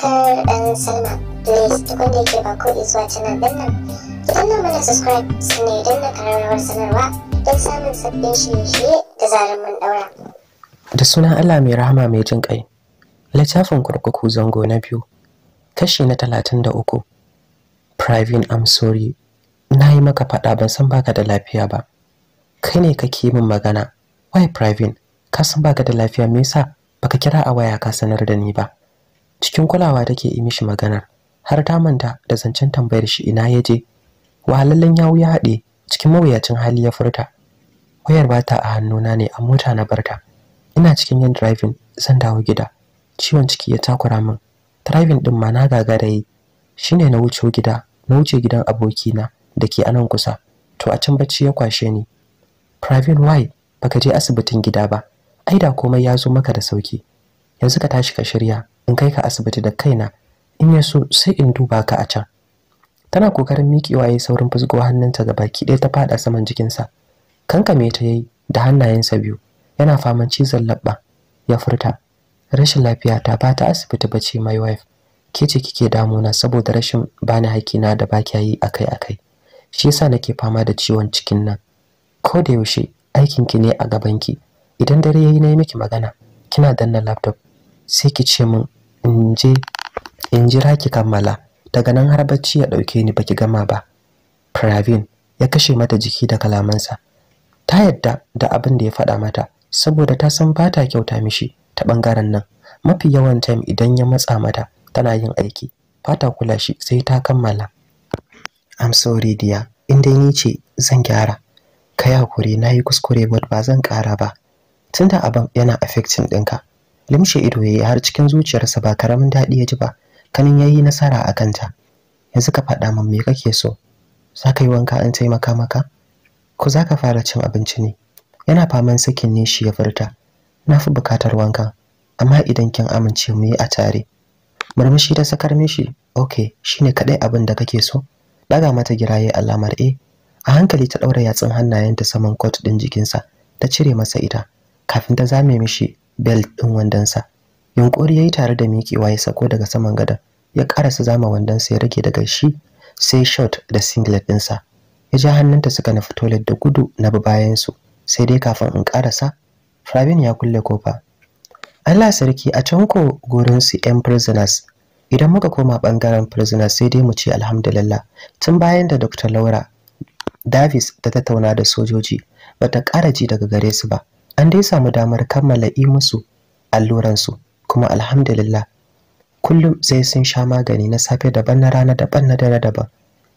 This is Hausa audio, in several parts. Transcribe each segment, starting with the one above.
subscribe and sign up. Please tukun da yake ba ko zuwa canal din nan. Ki danna mana subscribe sannan idan na kararrawar sanarwa don samun sabbin shirye-shirye da zarar mun daura. Da sunan Allah mai rahama mai jin ƙai. Littafin kurkuku zango na biyu. Kashi na talatin da uku. Private I'm sorry. Na yi maka faɗa ban san baka da lafiya ba. Kai ne kake min magana. Wai Private, ka san baka da lafiya me yasa baka kira a waya ka sanar da ni ba? cikin kulawa take yi mishi maganar har ta manta da zancen tambayar shi ina ya je wahalallen yawu ya haɗe cikin mawuyacin hali ya furta wayar bata ta a hannuna ne a mota na barta ina cikin yin driving zan dawo gida ciwon ciki ya takura min driving din ma na da yi shine na wuce gida na wuce gidan abokina da ke anan kusa to a can bacci ya kwashe ni private why baka je asibitin gida ba ai da komai ya zo maka da sauki yanzu ka tashi ka shirya in kai ka asibiti da kaina in ya so sai in duba ka a can tana kokarin miƙewa yi saurin fusgo hannunta ga baki ɗaya ta faɗa saman jikinsa kankame ta yi da hannayensa biyu yana faman cizon labba ya furta rashin lafiya ta ba ta asibiti bace my wife ke ce kike na, saboda rashin bani haƙina da ba kya yi akai-akai shi yasa nake fama da ciwon cikin nan ko da yaushe aikin ki ne a gaban ki idan dare yayi nayi miki magana kina danna laptop sai ki ce min in in jira ki kammala daga nan har bacci ya dauke ni baki gama ba Pravin ya kashe mata jiki da kalamansa ta yadda da abin da ya faɗa mata saboda ta san ba ta kyauta mishi ta bangaren nan mafi yawan time idan ya matsa mata tana yin aiki fata kula shi sai ta kammala I'm sorry dear in ni ce zan gyara kai hakuri nayi kuskure but ba zan kara ba tunda abin yana affecting ɗinka limshe ido yayi har cikin zuciyarsa ba karamin daɗi ya ji ba kanin yayi nasara a kanta yanzu ka faɗa min me kake so za ka yi wanka an taimaka maka ko za ka fara cin abinci ne yana faman sakin ne shi ya furta na fi bukatar wanka amma idan kin amince mu yi a tare murmushi ta sakar mishi okay shine kadai abin da kake so daga mata giraye alamar A. Eh. a hankali ta daura yatsun hannayenta saman coat din jikinsa ta cire masa ita kafin ta zame mishi belt ɗin wandonsa yunƙuri ya yi tare da miƙewa ya sako daga saman gadon ya karasa zama wandonsa ya rage daga shi sai shot da singlet sa. ya ja hannunta suka nufi toilet da gudu na bayansu sai dai kafin in karasa Pravin ya kulle kofa Allah sarki a can ko su 'yan prisoners idan muka koma ɓangaren prisoners sai dai mu ce alhamdulillah tun bayan da Dr. Laura Davis ta tattauna da sojoji bata ƙara ji daga gare su ba an dai samu damar kammala yi musu alluransu kuma alhamdulillah kullum sai sun sha magani na safe daban na rana daban na dare daban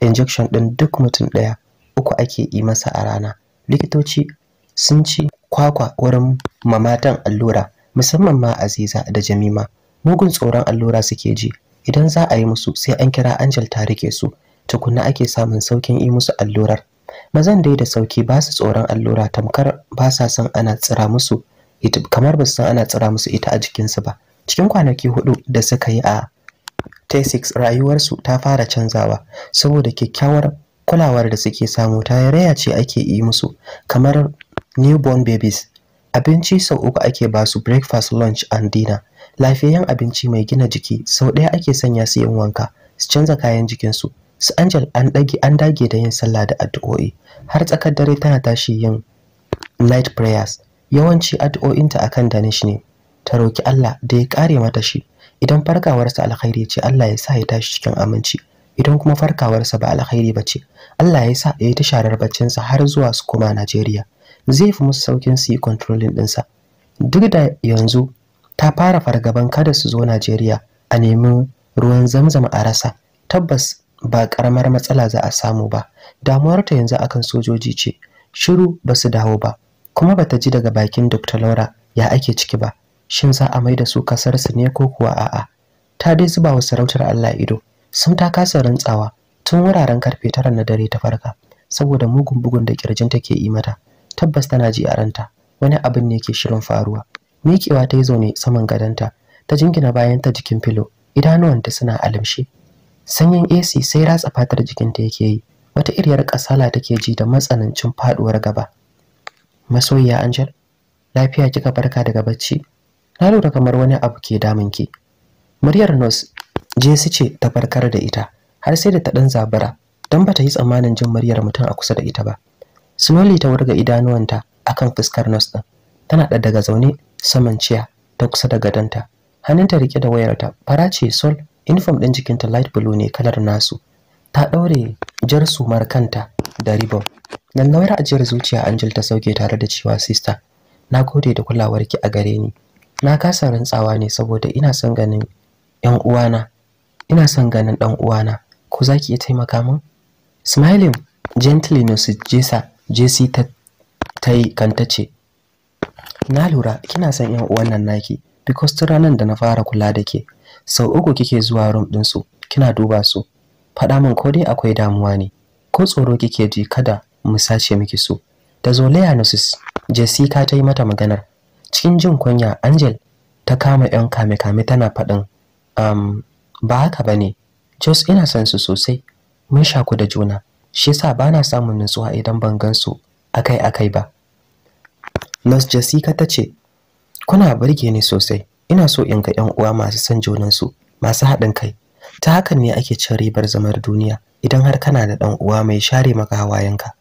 injection din duk mutum ɗaya uku ake yi masa a rana likitoci sun ci kwakwa wurin mamatan allura musamman ma aziza da jamima mugun tsoron allura suke ji idan za a yi musu sai an kira angel ta rike su tukunna ake samun saukin yi musu allurar mazan dai da sauki ba su tsoron allura tamkar ba sa san ana tsira musu ita kamar ba su san ana tsira musu ita a jikinsu ba cikin kwanaki hudu da suka yi a T6 rayuwarsu ta fara canzawa saboda kyakkyawar kulawar da suke samu ta raya ce ake yi musu kamar newborn babies abinci sau uku ake ba su breakfast lunch and dinner lafiyayyen abinci mai gina jiki sau ɗaya ake sanya su yin wanka su canza kayan jikinsu su Angel an dage an dage da yin sallah da addu'o'i har tsakar dare tana tashi yin night prayers yawanci addu'o'inta akan Danish ne ta roki Allah da ya kare mata shi idan farkawarsa alkhairi ce Allah ya sa ya tashi cikin aminci idan kuma farkawarsa ba alkhairi ba ce Allah ya sa ya yi ta sharar baccinsa har zuwa su koma Najeriya zai fi musu saukin su yi controlling ɗinsa duk da yanzu ta fara fargaban kada su zo Najeriya a nemi ruwan zamzam a rasa tabbas ba karamar matsala za a samu ba damuwarta yanzu akan sojoji ce shiru ba su dawo ba kuma bata ji daga bakin Dr. Laura ya ake ciki ba shin za a maida su kasar su ne ko kuwa a'a ta dai zuba wa sarautar Allah ido sun ta kasa rantsawa tun wuraren karfe tara na dare ta farka saboda mugun bugun da kirjin take yi mata tabbas tana ji a ranta wani abin ne ke shirin faruwa Miƙewa ta yi zaune saman gadonta ta jingina bayan ta jikin filo idanuwanta suna alamshe sanyin AC sai ratsa fatar jikinta yake yi wata iriyar kasala take ji da matsanancin faduwar gaba masoyiya Angel lafiya kika barka daga bacci na lura kamar wani abu ke damun ki muryar nurse Jesse ce ta farkar da ita har sai da ta dan zabara dan bata yi tsammanin jin muryar mutum a kusa da ita ba Slowly ta wurga idanuwanta akan fuskar nos din tana da daga zaune saman ciya ta kusa da gadonta hannunta rike da wayarta fara ce sol uniform ɗin jikinta light blue ne kalar nasu ta ɗaure jar sumar kanta da ribbon lallawar ajiyar zuciya angel ta sauke tare da cewa sister na gode da kulawarki a gare ni na kasa rantsawa ne saboda ina son ganin yan uwana ina son ganin dan uwana ko zaki iya taimaka min smiling gently no jesa jesi ta yi kanta ce na lura kina son yan uwan nan naki because tun ranar da na fara kula da ke sau uku kike zuwa rum din su kina duba su faɗa min ko dai akwai damuwa ne ko tsoro kike ji kada mu sace miki su da zolaya nosis jessica ta yi mata maganar cikin jin kunya angel ta kama yan kame-kame tana faɗin um, ba haka ba ne jos ina san su sosai mun shaku da juna shi yasa ba na samun nutsuwa idan ban gan su akai-akai ba Nurse Jessica ta ce, Kuna burge ni sosai, ina so in ga ƴan uwa masu son junansu masu haɗin kai ta hakan ne ake cin ribar zamar duniya idan har kana da ɗan uwa mai share maka hawayenka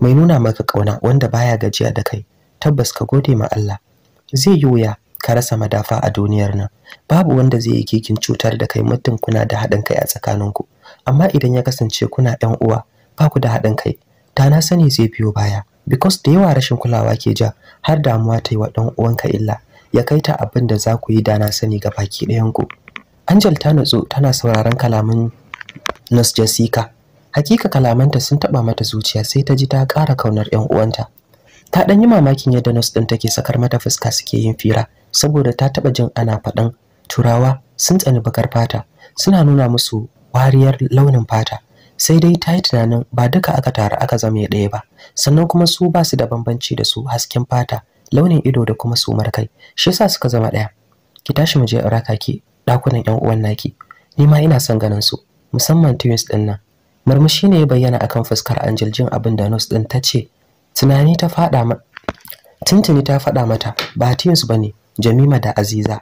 mai nuna maka ƙauna wanda baya gajiya da kai tabbas ka gode ma Allah zai yi wuya ka rasa madafa a duniyar nan babu wanda zai yi kikin cutar da kai mutum kuna da haɗin kai a tsakaninku amma idan ya kasance kuna ɗan uwa ba ku da haɗin kai da na sani zai biyo baya because da yawa rashin kulawa ke ja har damuwa ta yi wa ɗan uwanka illa ya kai ta abin da za ku yi dana sani ga baki ɗayanku angel ta nutsu tana sauraron kalaman nurse jessica hakika kalamanta sun taɓa mata zuciya sai ta ji ta kara kaunar 'yan uwanta ta ɗan yi mamakin yadda nurse ɗin take sakar mata fuska suke yin fira saboda ta taɓa jin ana faɗan turawa sun tsani bakar fata suna nuna musu wariyar launin fata sai dai ta yi tunanin ba duka aka taru aka zama ya ɗaya ba sannan kuma su ba su da bambanci da su hasken fata launin ido da kuma sumar kai shi yasa suka zama ɗaya ki tashi mu je raka ki dakunan 'yan uwan naki ni ma ina son ganin su musamman twins ɗin nan murmushi ne ya bayyana akan fuskar Angel jin abin da nurse ɗin ta ce tunani ta faɗa ma tuntuni ta faɗa mata ba twins bane Jamima da Aziza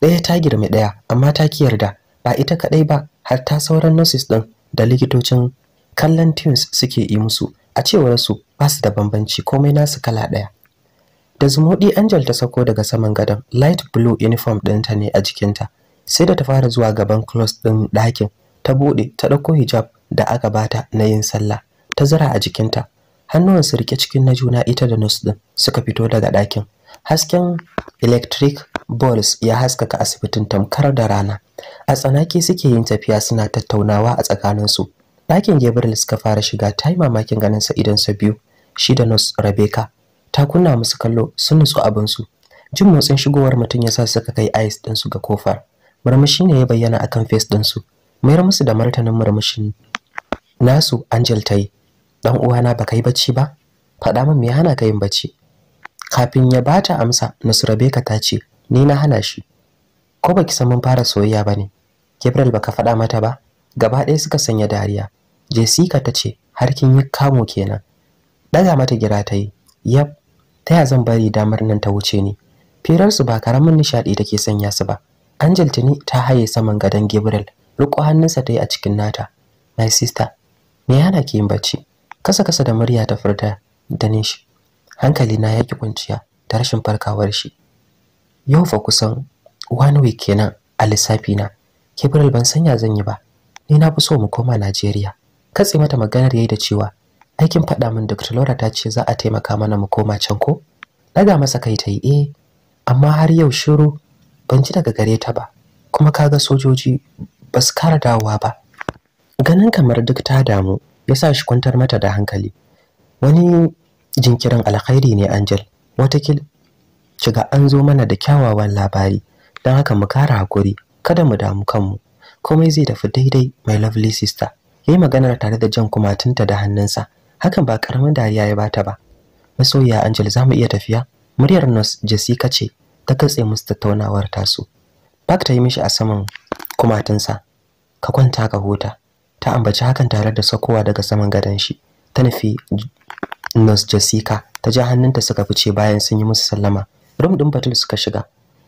ɗaya ta girmi ɗaya amma ta ki yarda ba ita kadai ba har ta sauran nurses ɗin da likitocin kallon twins suke yi musu a cewar su ba su da bambanci komai nasu kala ɗaya da angel ta sako daga saman gadon light blue uniform ɗinta ne a jikinta sai da ta fara zuwa gaban close ɗin ɗakin ta buɗe ta ɗauko hijab da aka bata na yin sallah ta zara a jikinta hannuwan su rike cikin na juna ita da nurse ɗin suka fito daga ɗakin hasken electric balls ya haskaka asibitin tamkar da rana a tsanaki suke yin tafiya suna tattaunawa a tsakaninsu ɗakin gabriel suka fara shiga ta yi mamakin ganin sa idan sa biyu shi da nurse rebecca ta kunna musu kallo sun nutsu abinsu jin motsin shigowar mutum ya sa suka kai ice ɗinsu ga kofar murmushi ne ya bayyana akan face ɗinsu mayar musu da martanin murmushin nasu angel ta yi ɗan uwana baka yi bacci ba faɗa min me ya hana ka yin bacci kafin ya bata amsa nusra beka ta ce ni na hana shi ko baki san mun fara soyayya ba ne gabriel baka faɗa mata ba gaba ɗaya suka sanya dariya jessica ta ce har kin yi kamo kenan ɗaga mata gira ta yi yab ta ya zan bari damar nan ta wuce ni firarsu ba karamin nishaɗi take sanya su ba angel tuni ta haye saman gadon gabriel riko hannunsa ta yi a cikin nata my sister me yana ke yin bacci kasa kasa da murya ta furta da nishi. hankali na yaki kwanciya da rashin farkawar shi yau fa kusan one week kenan a lissafi na gabriel ban sanya zan yi ba ni na fi so mu koma najeriya katse mata maganar yayi da cewa aikin faɗa min Dr. Laura ta ce za a taimaka mana mu koma can ko? Daga masa kai ta yi eh, amma har yau shiru ban ji daga gare ta ba, kuma ka ga sojoji ba su kara dawowa ba. Ganin kamar duk ta damu ya sa shi kwantar mata da hankali. Wani jinkirin alkhairi ne Angel, watakil shiga an zo mana da kyawawan labari, don haka mu kara hakuri, kada mu damu kanmu. Komai zai tafi daidai, my lovely sister. Yayi maganar tare da jan kumatunta da hannunsa. hakan ba karamin dariya ya bata ba masoyiya Angel za mu iya tafiya muryar nurse Jessica ce ta katse musu tattaunawar tasu Park ta yi mishi a saman kumatinsa ka kwanta ka huta ta ambaci hakan tare da sakowa daga saman gadon shi ta nufi nurse Jessica ta ja hannunta suka fice bayan sun yi musu sallama Rum din Batul suka shiga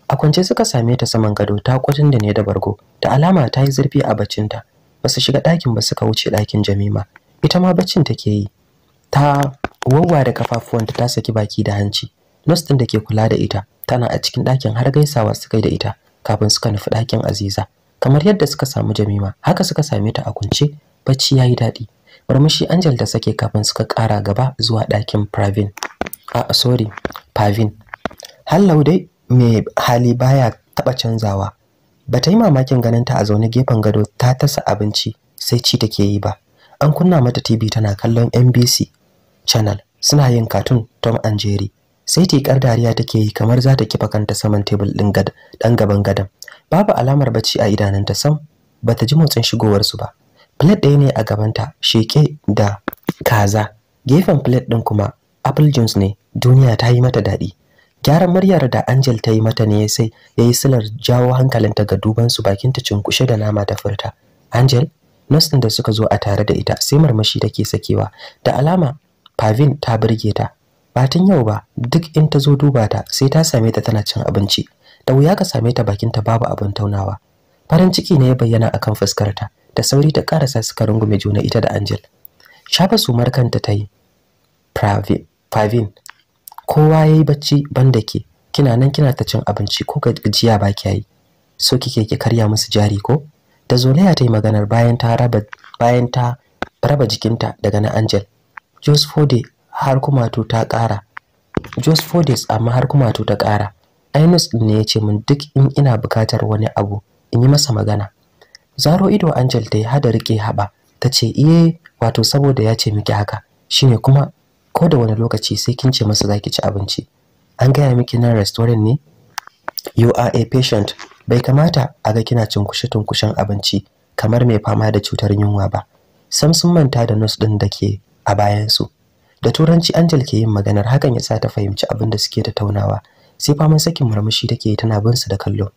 a kwance suka same ta saman gado ta kwatin da ne da bargo da alama ta yi zurfi a bacinta ba su shiga ɗakin ba suka wuce ɗakin Jamima ita ma baccin take yi ta wangwa da kafafuwanta ta saki baki da hanci nurse din da ke kula da ita tana a cikin ɗakin har gaisawa su kai da ita kafin suka nufi ɗakin aziza kamar yadda suka samu jamima haka suka same ta a kunce bacci ya yi daɗi murmushi angel da sake kafin suka ƙara gaba zuwa ɗakin pravin a sorry pavin hallau dai mai hali baya taɓa canzawa ba ta yi mamakin ganin ta a zaune gefen gado ta tasa abinci sai ci take yi ba an kunna mata tv tana kallon nbc channel suna yin katun Tom and Jerry sai tikar dariya take yi kamar za ta kifa kanta saman tebul din gad dan gaban gadan babu alamar bacci a idananta sam bata ji motsin shigowar su ba plate ɗaya ne a gabanta sheke da kaza gefen plate din kuma apple juice ne duniya ta yi mata daɗi gyaran muryar da Angel ta yi mata ne sai yayi silar jawo hankalinta ga duban su bakin ta cinkushe da nama ta furta Angel nurse ɗin da suka zo a tare da ita sai marmashi take sakewa da alama Pavin ta burge ta. Ba tun yau ba, duk in ta zo duba ta sai ta same ta tana cin abinci. Da wuya ka same ta bakinta babu abin taunawa. Farin ciki ne ya bayyana akan fuskarta, da sauri ta karasa suka rungume juna ita da Angel. Shafa sumar kanta ta yi. Pavin, kowa ya yi bacci banda ke, kina nan kina ta cin abinci ko gajiya ba kya So kike ki karya musu jari ko? Da zolaya ta yi maganar bayan ta raba jikinta daga na Angel Jos Fode har kumatu ta ƙara. Jos amma har kumatu ta ƙara. Ainus ɗin ne ya ce min duk in ina buƙatar wani abu in yi masa magana. Zaro ido Angel ta yi hada rike haɓa ta ce iye wato saboda ya ce miki haka shine kuma ko da wani lokaci sai kin ce masa zaki ci abinci. An gaya miki nan restaurant ne? You are a patient. Bai kamata a ga kina cinkushe-tunkushen abinci kamar mai fama da cutar yunwa ba. Sam sun manta da nurse ɗin da ke a bayansu da turanci Angel ke yin maganar hakan ya sa ta fahimci abin da suke tattaunawa sai faman sakin murmushi take yi tana bin su da kallo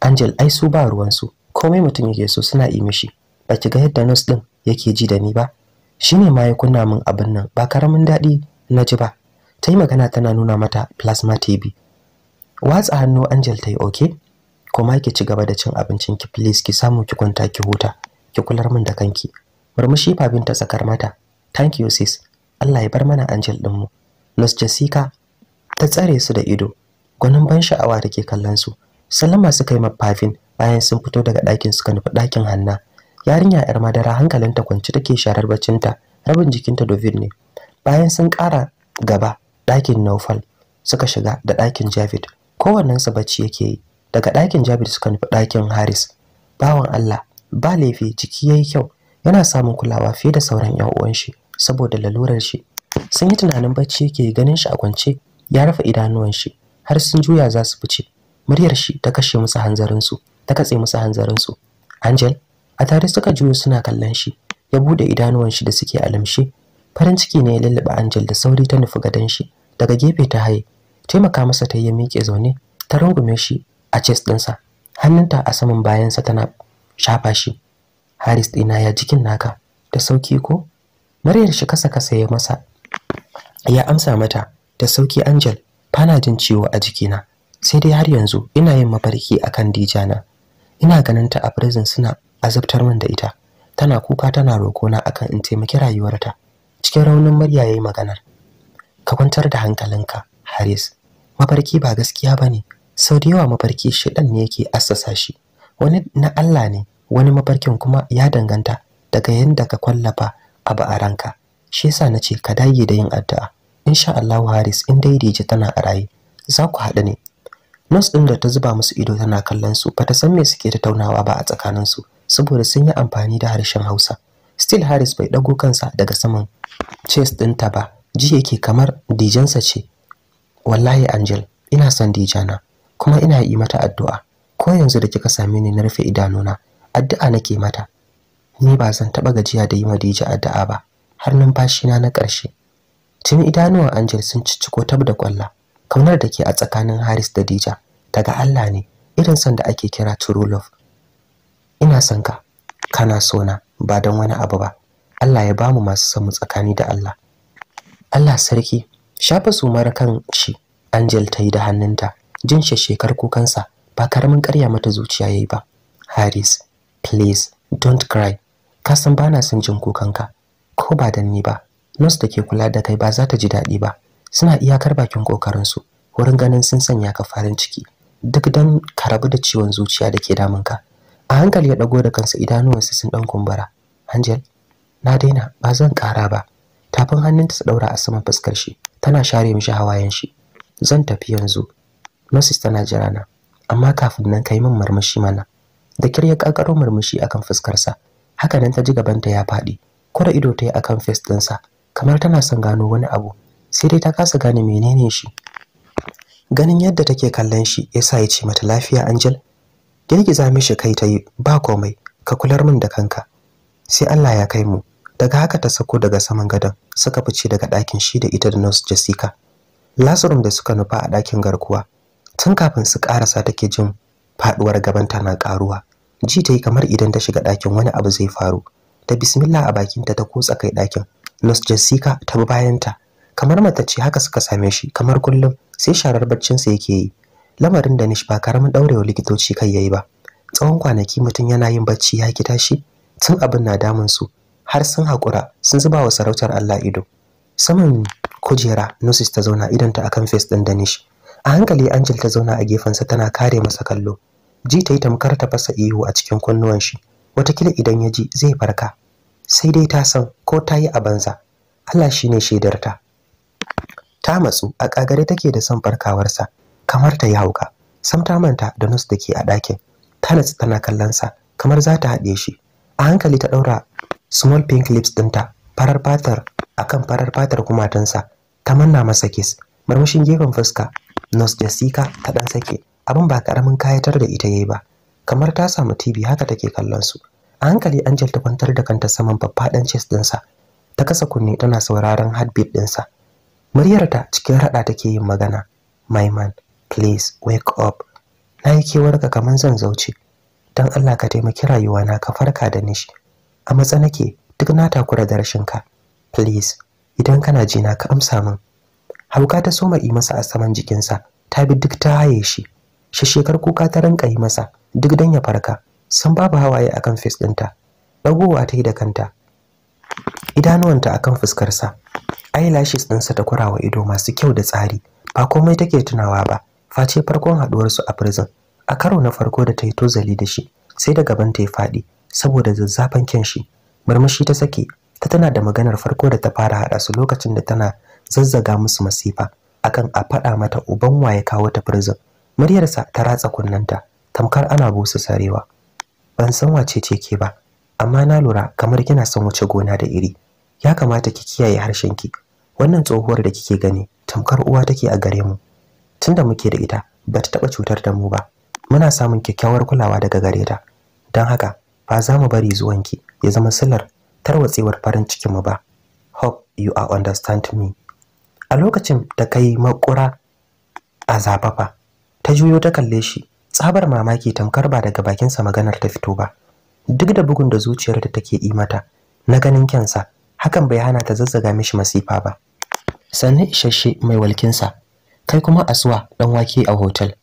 Angel ai su ba ruwansu komai mutum yake so suna yi mishi ba ki ga yadda nurse din yake ji da ni ba shine ma ya kunna min abin nan ba karamin daɗi na ji ba ta yi magana tana nuna mata plasma tb watsa hannu angel ta yi okay kuma ki ci gaba da cin abincin ki please ki samu ki kwanta ki huta ki kular min da kanki murmushi fabin ta tsakar mata thank you sis Allah ya bar mana angel mu. Nurse Jessica ta tsare su da ido gwanin ban sha'awa da ke kallon su Salama suka yi mafafin bayan sun fito daga ɗakin suka nufi ɗakin hanna yarinya yar madara hankalinta kwanci take sharar bacinta rabin jikinta dovid ne bayan sun ƙara gaba ɗakin naufal suka shiga da ɗakin javid su bacci yake yi daga ɗakin javid suka nufi ɗakin haris bawan allah ba laifi jiki yayi kyau yana samun kulawa fiye da sauran 'yan uwan shi saboda lalurar shi sun yi tunanin bacci yake ganin shi a kwance ya rufe idanuwan shi har sun juya za su fice muryar shi ta kashe musu hanzarin su ta katse musu hanzarin su Angel a tare suka juyo suna kallon shi ya bude idanuwan shi da suke alamshe farin ciki ne ya lallaba Angel da sauri ta nufi gadon shi daga gefe ta haye taimaka masa ta yi miƙe zaune ta rungume shi a chest ɗinsa hannunta a saman bayansa tana shafa shi Haris ɗina ya jikin naka da sauki ko maryar shi kasa kasa ya masa. Ya amsa mata da sauki Angel, "Fana jin ciwo a jikina. Sai dai har yanzu ina yin mafarki akan Dijana. Ina ganin ta a prison suna azabtar min da ita. Tana kuka tana roko na akan in taimaki rayuwarta. Cikin raunin murya yayi maganar. Ka kwantar da hankalinka, Haris. Mafarki ba gaskiya bane. Sau da yawa mafarki shedan ne yake assasa shi. Wani na Allah ne, wani mafarkin kuma ya danganta daga yadda ka kwallafa abu a ranka shi yasa ce ka dage da yin addu'a insha Allahu Haris in dai Dije tana a raye za ku haɗu ne Nos ɗin da ta zuba musu ido tana kallon su ba ta san me suke taunawa ba a tsakanin su saboda sun yi amfani da harshen Hausa Still Haris bai dago kansa daga saman chest ɗinta ba ji yake kamar dijansa ce wallahi Angel ina son dijana kuma ina yi mata addu'a ko yanzu da kika same ni na rufe idanuna addu'a nake mata ni ba zan taɓa gajiya da yi ma Dija addu'a ba har numfashina na ƙarshe. tun idanuwan Angel sun cicciko tab da ƙwalla. Kaunar da ke a tsakanin Haris da Dija daga Allah ne irin son da ake kira true love. Ina son ka, kana sona ba don wani abu ba. Allah ya bamu masu son mu tsakani da Allah. Allah sarki, shafa mara kan shi Angel ta yi da hannunta, jin shekar kukansa ba karamin ƙarya mata zuciya ya yi ba. Haris, please don't cry. ka san bana son jin ka. ko ba dan ni ba nurse da ke kula da kai ba za ta ji daɗi ba suna iyakar bakin kokarinsu wurin ganin sun sanya ka farin ciki duk dan ka rabu da ciwon zuciya da ke damun ka. a hankali ya ɗago da kansa idanuwansa sun ɗan kumbura angel na daina ba zan ƙara ba tafin hannunta ta ɗaura a saman fuskar shi tana share mishi hawayen shi zan tafi yanzu Noses tana jira na amma kafin nan kai min murmushi mana da kyar ya kakaro murmushi akan fuskarsa haka nan ta ji gabanta ya faɗi kura ido ta yi akan fes ɗinsa kamar tana son gano wani abu sai dai ta kasa gane menene shi ganin yadda take kallon shi yasa ya ce mata lafiya angel girgiza mishi kai ta yi ba komai ka kular min da kanka sai Allah ya kai mu daga haka ta sako daga saman gadon suka fice daga ɗakin shi da ita da nurse Jessica Lasurum da suka nufa a ɗakin garkuwa tun kafin su ƙarasa take jin faɗuwar gaban na ƙaruwa ji ta yi kamar idan ta shiga ɗakin wani abu zai faru da bismillah a bakinta ta kotsa kai ɗakin nurse jessica ta bi bayanta kamar matacce haka suka same shi kamar kullum sai sharar baccinsa yake yi lamarin da nish ba karamin ɗaurewa likitoci kai yayi ba tsawon kwanaki mutum yana yin bacci ya ki shi. tun abin na damun su har sun haƙura sun zuba wa sarautar Allah ido saman kujera noses ta zauna idanta akan fes ɗin Danish a hankali Angel ta zauna a gefensa tana kare masa kallo ji ta yi tamkar ta fasa ihu a cikin kunnuwan shi watakila idan ya ji zai farka sai dai ta san ko ta yi a banza Allah shine shaidarta ta Ta matsu a kagare take da son farkawarsa kamar ta yi hauka sam ta manta da nus da ke a ɗakin ta natsu tana kallon sa kamar za ta haɗe shi a hankali ta ɗaura small pink lips ɗinta farar fatar akan farar fatar kumatunsa ta manna masa kiss murmushin gefen fuska nus da sika ta ɗan sake abin ba karamin kayatar da ita yayi ba kamar ta samu TV haka take kallon su a hankali Angel ta kwantar da kanta saman ɗan chest ɗinsa ta kasa kunne tana sauraron heartbeat ɗinsa muryarta cikin raɗa take yin magana my man please wake up na yi kewarka kamar zan zauce dan Allah ka taimaki rayuwana ka farka da nishi a matsa nake duk na takura da rashin ka please idan kana jina ka amsa min hauka ta soma yi masa a saman jikinsa ta bi duk ta haye shi shekar kuka ta ranka yi masa duk dan ya farka san babu hawaye akan face ɗinta ɗagowa ta yi da kanta idanuwanta akan fuskarsa eyelashes sa ta kurawa ido masu kyau da tsari ba komai take tunawa ba face farkon su a prison a karo na farko da ta yi tozali da shi sai da gaban ta ya faɗi saboda zazzafan kyan shi murmushi ta sake ta tana da maganar farko da ta fara haɗa su lokacin da tana zazzaga musu masifa akan a faɗa mata uban waye kawo ta prison muryarsa ta ratsa kunnanta tamkar ana busa sarewa ban san wace ce ke ba amma na lura kamar kina son wuce gona da iri ya kamata ki kiyaye harshen ki. wannan tsohuwar da kike gani tamkar uwa take a gare mu tunda muke da ita ba ta taba cutar da mu ba muna samun kyakkyawar kulawa daga gare ta don haka ba za mu bari zuwanki ya zama silar tarwatsewar farin cikin mu ba hope you are understand me a lokacin da kai makura a zafafa ta juyo ta kalle shi tsabar mamaki tamkar ba daga bakinsa maganar ta fito ba duk da bugun da zuciyar ta take yi mata na ganin kyansa hakan bai hana ta zazzaga mishi masifa ba sannan isasshe mai walkinsa kai kuma asuwa dan wake a hotel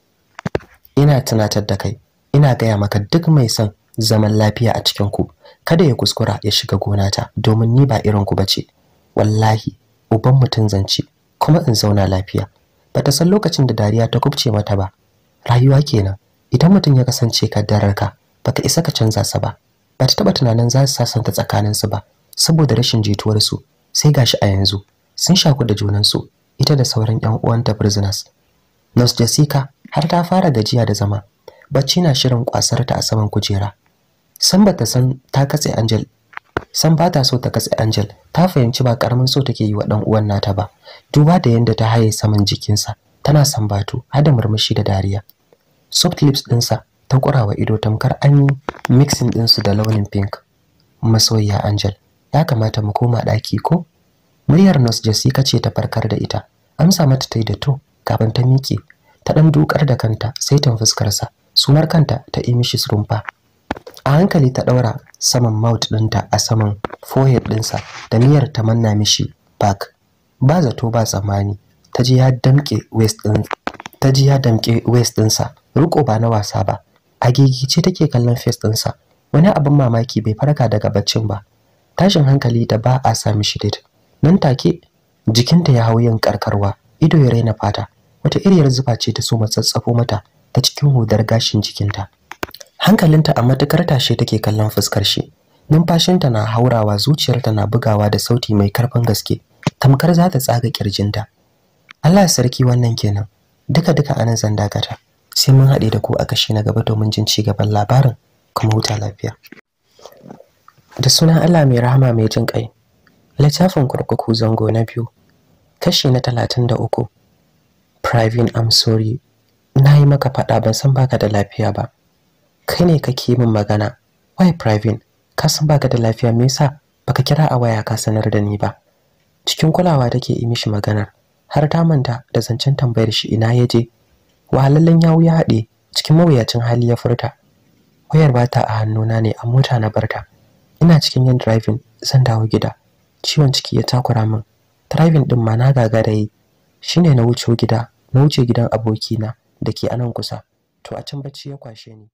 ina tunatar da kai ina gaya maka duk mai son zaman lafiya a cikin ku kada ya kuskura ya shiga gonata domin ni ba irin ku bace wallahi uban mutun zance kuma in zauna lafiya bata san lokacin da dariya ta kubce mata ba rayuwa kenan idan mutum ya kasance ka ka baka isa ka canza sa ba Ba ta taba tunanin za su sasanta su ba saboda rashin jituwar su sai gashi a yanzu sun shaku da junan su ita da sauran 'yan uwanta prisoners Nurse Jessica har ta fara gajiya da zama bacci na shirin kwasar ta a saman kujera san bata san ta katse Angel san ba ta so ta katse Angel ta fahimci ba karamin so take yi wa dan uwan nata ba duba da yanda ta haye saman jikinsa tana sambatu, har da murmushi da dariya soft lips dinsa ta kurawa ido tamkar an yi mixing dinsu da launin pink masoyiya Angel ya kamata mu koma daki ko muryar Nurse Jessica ce ta farkar da ita amsa mata tai da to kafin ta miƙe ta dan dukar da kanta sai ta fuskar sa, sumar kanta ta yi mishi surumfa a hankali ta ɗaura saman maut ɗinta a saman forehead ɗinsa da niyyar ta manna mishi back ba zato ba tsammani ta ji ya damƙe waist ɗinsa riko ba na wasa ba a gigice take kallon face ɗinsa wani abin mamaki bai farka daga baccin ba tashin hankali da ba a sami shi nan take jikinta ya hau yin karkarwa ido ya raina fata wata iriyar zuba ce ta so matsatsafo mata ta cikin hudar gashin jikinta hankalinta a matukar tashe take kallon fuskar shi numfashinta na haurawa zuciyarta na bugawa da sauti mai karfin gaske tamkar za ta tsaga kirjinta Allah sarki wannan kenan duka duka anan zan gata sai mun haɗe da ku a kashi na gaba domin jin ci gaban labarin kuma huta lafiya da sunan Allah mai rahama mai jin kai littafin kurkuku zango na biyu kashi na talatin da uku Private I'm sorry na yi maka faɗa ban san baka da lafiya ba kai ne kake min magana wai private ka san baka da lafiya me yasa ka kira a waya ka sanar da ni ba cikin kulawa take yi mishi maganar har ta manta da zancen tambayar shi ina ya je wahalallen yawu ya haɗe cikin mawuyacin hali ya furta wayar ba ta a hannuna ne a mota na barta ina cikin yin driving zan dawo gida ciwon ciki ya takura min driving ɗin ma na gagara yi shine na wuce gida na wuce gidan abokina da ke anan kusa to a can bacci ya kwashe ni